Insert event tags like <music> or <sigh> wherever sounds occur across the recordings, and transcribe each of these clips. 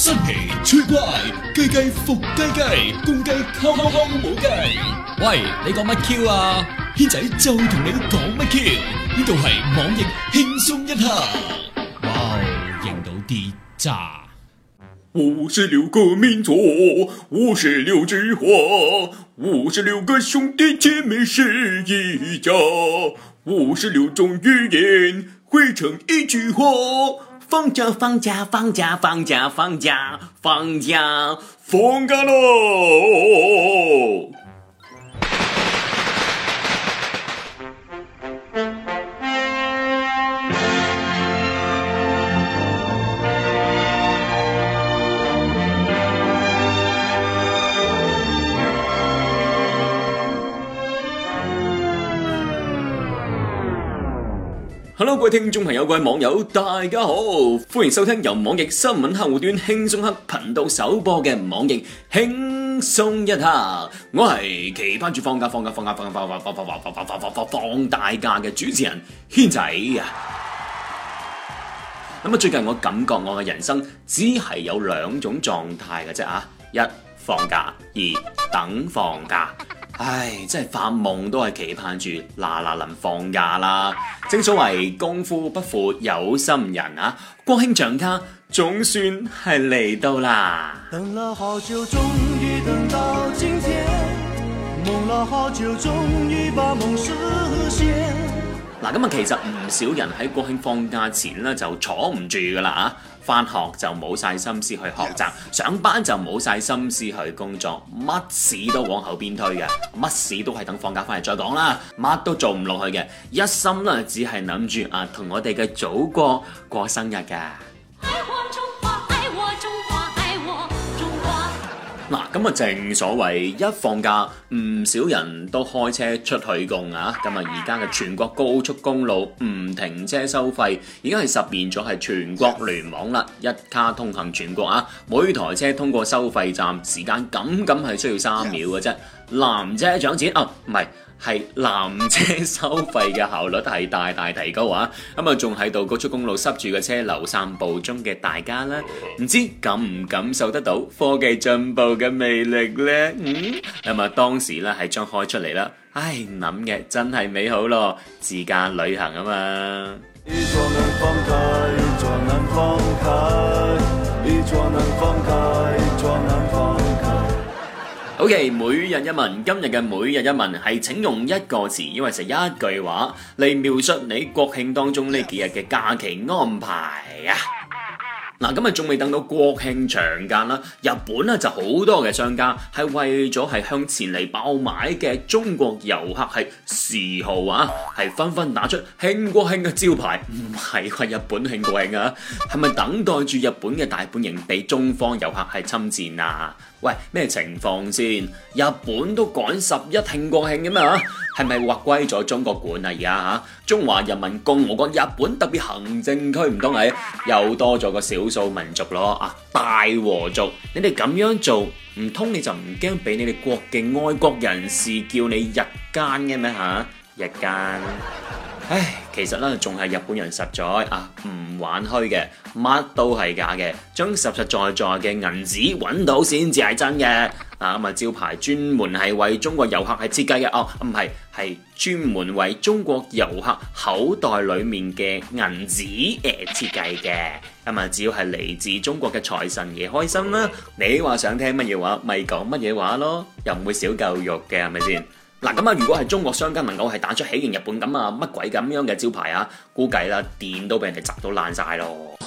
新奇趣怪、雞雞伏雞雞，公雞扣扣扣母雞。喂，你講乜 Q 啊？軒仔就同你講乜 Q？呢度係網易輕鬆一下，哇，認到啲渣。五十六個民族，五十六枝花，五十六個兄弟姐妹是一家，五十六種語言匯成一句話。放假放假放假放假放假放假放假嘍。hello，各位聽眾朋友，各位網友，大家好，歡迎收聽由網易新聞客戶端輕鬆黑頻道首播嘅網易輕鬆一刻，我係期盼住放假放假放假放假放放放放放放放放大假嘅主持人軒仔啊！咁啊，最近我感覺我嘅人生只係有兩種狀態嘅啫啊，一放假，二等放假。唉，真係發夢都係期盼住嗱嗱能放假啦！正所謂功夫不負有心人啊，國慶長假總算係嚟到啦！等了好久終於等到今天，夢了好久終於把夢實現。嗱，咁啊，嗯、其實唔少人喺國慶放假前咧就坐唔住噶啦啊！翻學就冇晒心思去學習，Yes. 上班就冇晒心思去工作，乜事都往後邊推嘅，乜事都係等放假翻嚟再講啦，乜都做唔落去嘅，一心咧只係諗住啊同我哋嘅祖國過生日㗎。 <laughs> 嗱，咁啊，正所謂一放假，唔少人都開車出去工啊。咁啊，而家嘅全國高速公路唔停車收費，已經係實現咗係全國聯網啦，一卡通行全國啊。每台車通過收費站時間，僅僅係需要三秒嘅啫。藍車漲錢啊，唔係，係藍車收費嘅效率係大大提高啊！咁啊，仲喺度高速公路塞住嘅車流散步中嘅大家咧，唔知感唔感受得到科技進步嘅魅力咧？嗯，咁啊，當時咧係將開出嚟啦。唉，諗嘅真係美好咯，自駕旅行啊嘛。好嘅，okay，每日一問，今日嘅每日一問係請用一個詞，因為就一句話嚟描述你國慶當中呢幾日嘅假期安排啊。嗱，今日仲未等到國慶長假啦，日本咧就好多嘅商家係為咗係向前嚟爆買嘅中國遊客係時候啊，係紛紛打出慶國慶嘅招牌，唔係話日本慶國慶啊，係咪等待住日本嘅大本營俾中方遊客係侵佔啊？喂，咩情況先？日本都趕十一慶國慶嘅咩嚇？係咪劃歸咗中國管啊？而家嚇，中華人民共和國日本特別行政區唔通係又多咗個少數民族咯啊！大和族，你哋咁樣做唔通你就唔驚俾你哋國嘅愛國人士叫你日奸嘅咩嚇？日奸！唉，其實呢仲係日本人實在啊，唔玩虛嘅，乜都係假嘅，將實實在在嘅銀紙揾到先至係真嘅。啊咁啊，招、嗯、牌專門係為中國遊客係設計嘅，哦，唔係，係專門為中國遊客口袋裏面嘅銀紙誒設計嘅。咁、嗯、啊，只要係嚟自中國嘅財神爺開心啦、啊。你話想聽乜嘢話，咪講乜嘢話咯，又唔會少嚿肉嘅，係咪先？嗱，咁啊，如果係中國商家，能夠係打出喜迎日本咁，啊乜鬼咁樣嘅招牌啊，估計啦，店都俾人哋砸到爛晒咯。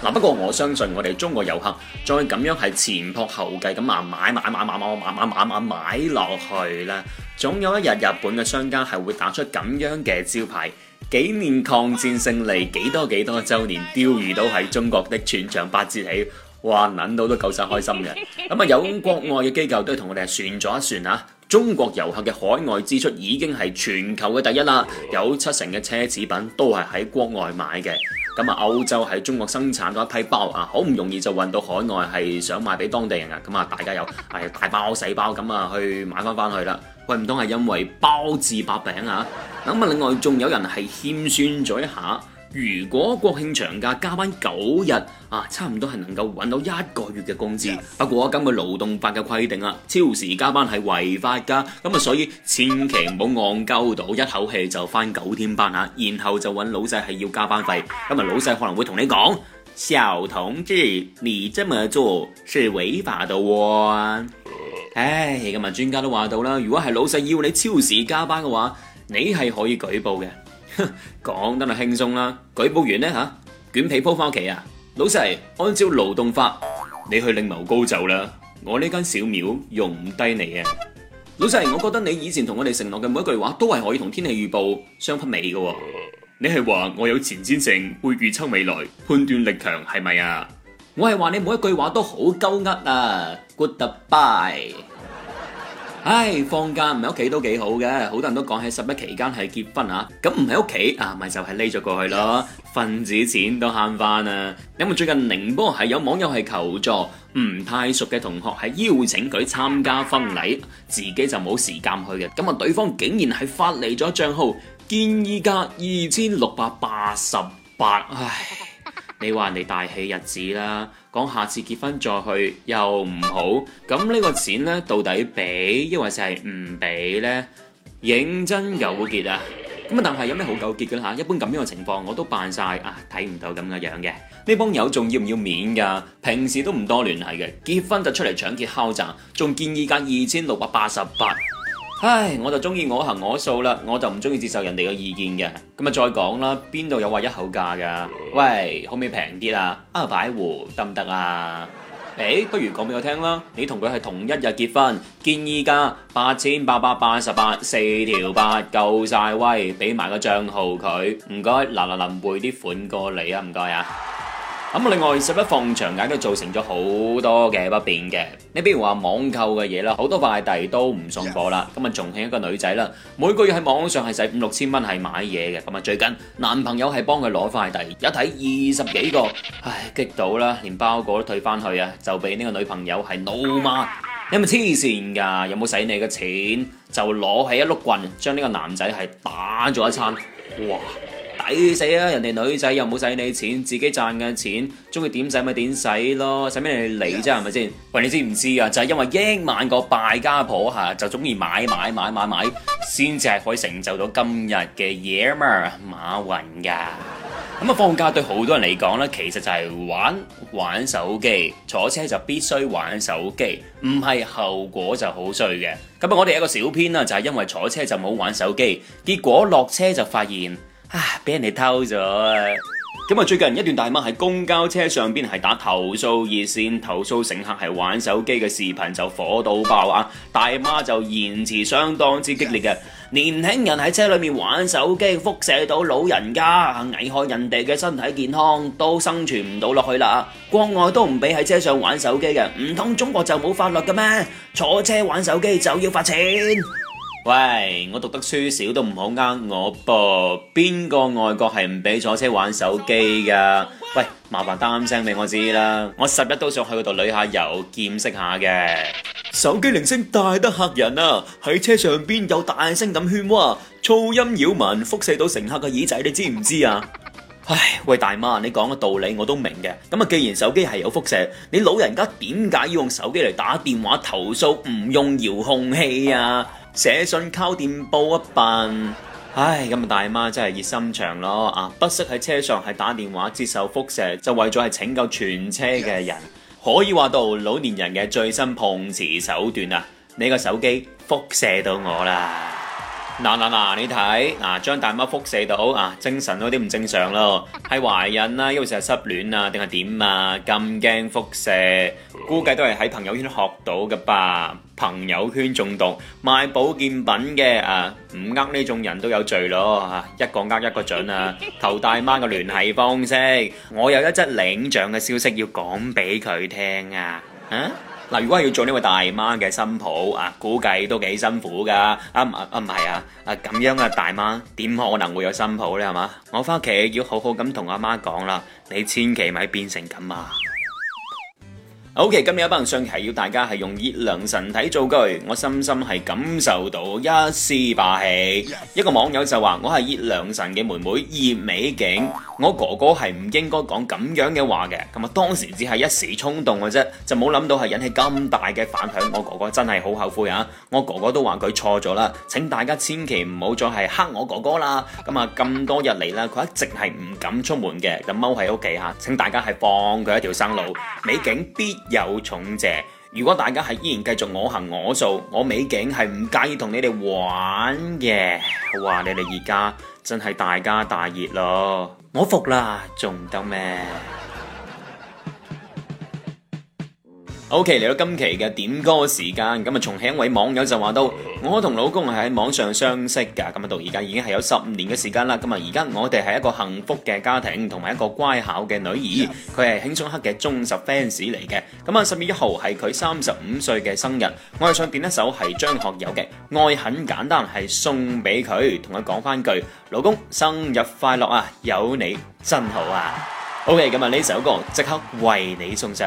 嗱，不過我相信我哋中國遊客再咁樣係前仆後繼咁啊買買買買買買買買買落去咧，總有一日日本嘅商家係會打出咁樣嘅招牌，紀念抗戰勝利幾多幾多周年，釣魚島喺中國的，全場八折起。哇，諗到都夠晒開心嘅，咁啊有國外嘅機構都同我哋算咗一算啊，中國遊客嘅海外支出已經係全球嘅第一啦，有七成嘅奢侈品都係喺國外買嘅，咁啊歐洲喺中國生產咗一批包啊，好唔容易就運到海外係想賣俾當地人啊。咁啊大家又係大包細包咁啊去買翻翻去啦，喂唔通係因為包治百病啊？咁啊另外仲有人係欠算咗一下。如果國慶長假加班九日啊，差唔多係能夠揾到一個月嘅工資。不過根據勞動法嘅規定啊，超時加班係違法㗎。咁啊，所以千祈唔好戇鳩到，一口氣就翻九天班嚇、啊，然後就揾老細係要加班費。咁啊，老細可能會同你講：小同志，你這麼做是違法的喎。唉，咁啊，專家都話到啦，如果係老細要你超時加班嘅話，你係可以舉報嘅。講 <laughs> 得就輕鬆啦，舉報完呢，吓、啊，捲被鋪翻屋企啊！老細，按照勞動法，你去另謀高就啦，我呢間小廟用唔低你啊。老細，我覺得你以前同我哋承諾嘅每一句話，都係可以同天氣預報相媲美嘅，啊。 <laughs> 你係話我有前瞻性，會預測未來，判斷力強係咪啊？我係話你每一句話都好鳩呃啊！Goodbye。Good 唉，放假唔喺屋企都幾好嘅，好多人都講喺十一期間係結婚啊，咁唔喺屋企啊，咪就係匿咗過去咯，份 Yes. 子錢都慳翻啊！因、嗯、為最近寧波係有網友係求助，唔太熟嘅同學係邀請佢參加婚禮，自己就冇時間去嘅，咁啊對方竟然係發嚟咗賬號，建議價二千六百八十八，唉。你話你大喜日子啦，講下次結婚再去又唔好，咁呢個錢呢，到底俾，抑或是係唔俾呢，認真又好糾結啊，咁啊但係有咩好糾結嘅咧、啊？一般咁樣嘅情況我都扮晒，啊，睇唔到咁嘅樣嘅。呢幫友仲要唔要面㗎？平時都唔多聯繫嘅，結婚就出嚟搶劫敲詐，仲建議價二千六百八十八。唉，我就中意我行我素啦，我就唔中意接受人哋嘅意見嘅。咁啊，再講啦，邊度有話一口價噶？喂，可唔可以平啲啊？啊，擺湖得唔得啊？誒、欸，不如講俾我聽啦，你同佢係同一日結婚，建議價八千八百八十八，四條八夠晒威，俾埋個賬號佢，唔該，嗱嗱臨匯啲款過嚟啊，唔該啊。咁另外十一放長假都造成咗好多嘅不便嘅，你比如話網購嘅嘢啦，好多快遞都唔送貨啦。咁啊，重慶一個女仔啦，每個月喺網上係使五六千蚊係買嘢嘅。咁啊，最近男朋友係幫佢攞快遞，一睇二十幾個，唉，激到啦，連包裹都退翻去啊，就俾呢個女朋友係怒罵，你係咪黐線噶？有冇使你嘅錢？就攞起一碌棍，將呢個男仔係打咗一餐，哇！抵死啊！人哋女仔又冇使你錢，自己賺嘅錢，中意點使咪點使咯，使咩你嚟啫？係咪先？喂，你知唔知啊？就係因為億萬個敗家婆吓，就中意買買買買買，先至係可以成就到今日嘅野嘛，馬雲噶。咁啊，放假對好多人嚟講呢，其實就係玩玩手機，坐車就必須玩手機，唔係後果就好衰嘅。咁啊，我哋有一個小篇啦，就係因為坐車就冇玩手機，結果落車就發現。啊！俾人哋偷咗。啊。咁啊，最近一段大媽喺公交車上邊係打投訴熱線，投訴乘客係玩手機嘅視頻就火到爆啊！大媽就言辭相當之激烈嘅，年輕人喺車裏面玩手機，輻射到老人家，危害人哋嘅身體健康，都生存唔到落去啦！國外都唔俾喺車上玩手機嘅，唔通中國就冇法律嘅咩？坐車玩手機就要罰錢。喂，我讀得書少都唔好呃我噃。邊個外國係唔俾坐車玩手機噶？喂，麻煩擔聲俾我知啦。我十一都想去嗰度旅下遊見識下嘅。手機鈴聲大得嚇人啊！喺車上邊又大聲咁喧嘩，噪音擾民，輻射到乘客嘅耳仔，你知唔知啊？唉，喂，大媽，你講嘅道理我都明嘅。咁啊，既然手機係有輻射，你老人家點解要用手機嚟打電話投訴，唔用遙控器啊？寫信靠電報一辦。唉，咁啊大媽真係熱心腸咯啊，不惜喺車上係打電話接受輻射，就為咗係拯救全車嘅人，Yes. 可以話到老年人嘅最新碰瓷手段啊！你個手機輻射到我啦。嗱嗱嗱，你睇嗱，張、啊、大媽輻射到啊，精神都啲唔正常咯，係懷孕啦、啊，因為成日失戀啊，定係點啊？咁驚輻射，估計都係喺朋友圈學到嘅吧？朋友圈中毒，賣保健品嘅啊，唔呃呢種人都有罪咯嚇、啊，一個呃一個準啊！求大媽嘅聯繫方式，我有一則領獎嘅消息要講俾佢聽啊～啊。嗱，如果要做呢位大媽嘅新抱啊，估計都幾辛苦噶。啊唔啊唔係啊，啊咁啊啊樣嘅大媽點可能會有新抱呢？係嘛，我翻屋企要好好咁同阿媽講啦，你千祈咪變成咁啊！Ok，今日一班上期要大家係用葉良辰體造句，我深深係感受到一絲霸氣。Yes. 一個網友就話：我係葉良辰嘅妹妹葉美景，我哥哥係唔應該講咁樣嘅話嘅。咁啊，當時只係一時衝動嘅啫，就冇諗到係引起咁大嘅反響。我哥哥真係好後悔啊！我哥哥都話佢錯咗啦，請大家千祈唔好再係黑我哥哥啦。咁啊，咁多日嚟啦，佢一直係唔敢出門嘅，就踎喺屋企吓。請大家係放佢一條生路，美景必。有重謝，如果大家係依然繼續我行我素，我美景係唔介意同你哋玩嘅。哇！你哋而家真係大家大熱咯，我服啦，仲唔得咩？ <noise> O.K. 嚟到今期嘅點歌時間，咁、嗯、啊，重慶一位網友就話到：我同老公係喺網上相識噶，咁、嗯、啊，到而家已經係有十五年嘅時間啦。咁、嗯、啊，而家我哋係一個幸福嘅家庭，同埋一個乖巧嘅女兒。佢係輕鬆黑嘅忠實 fans 嚟嘅。咁、嗯、啊，十月一號係佢三十五歲嘅生日，我係想點一首係張學友嘅《愛很簡單》，係送俾佢，同佢講翻句：老公生日快樂啊！有你真好啊！O.K. 咁、嗯、啊，呢首歌即刻為你送上。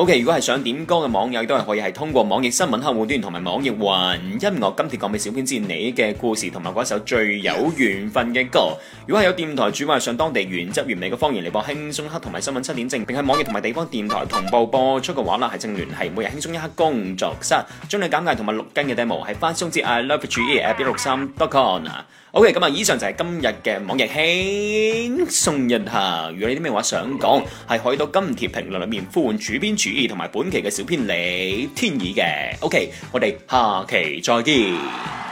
OK，如果係想點歌嘅網友都係可以係通過網易新聞客戶端同埋網易雲音樂今鐵講俾小編知你嘅故事同埋嗰首最有緣分嘅歌。如果係有電台主播上當地原汁原味嘅方言嚟播輕鬆一刻同埋新聞七點正，並喺網易同埋地方電台同步播出嘅話啦，正聯繫正聯繫每日輕鬆一刻工作室，將你簡介同埋錄音嘅 demo 係發送至愛 Love 注意六三 OK 咁啊，以上就係今日嘅網易輕鬆一刻。如果你啲咩話想講，係可以到金鐵評論裏面呼喚主編同埋本期嘅小編李天意嘅，OK，我哋下期再見。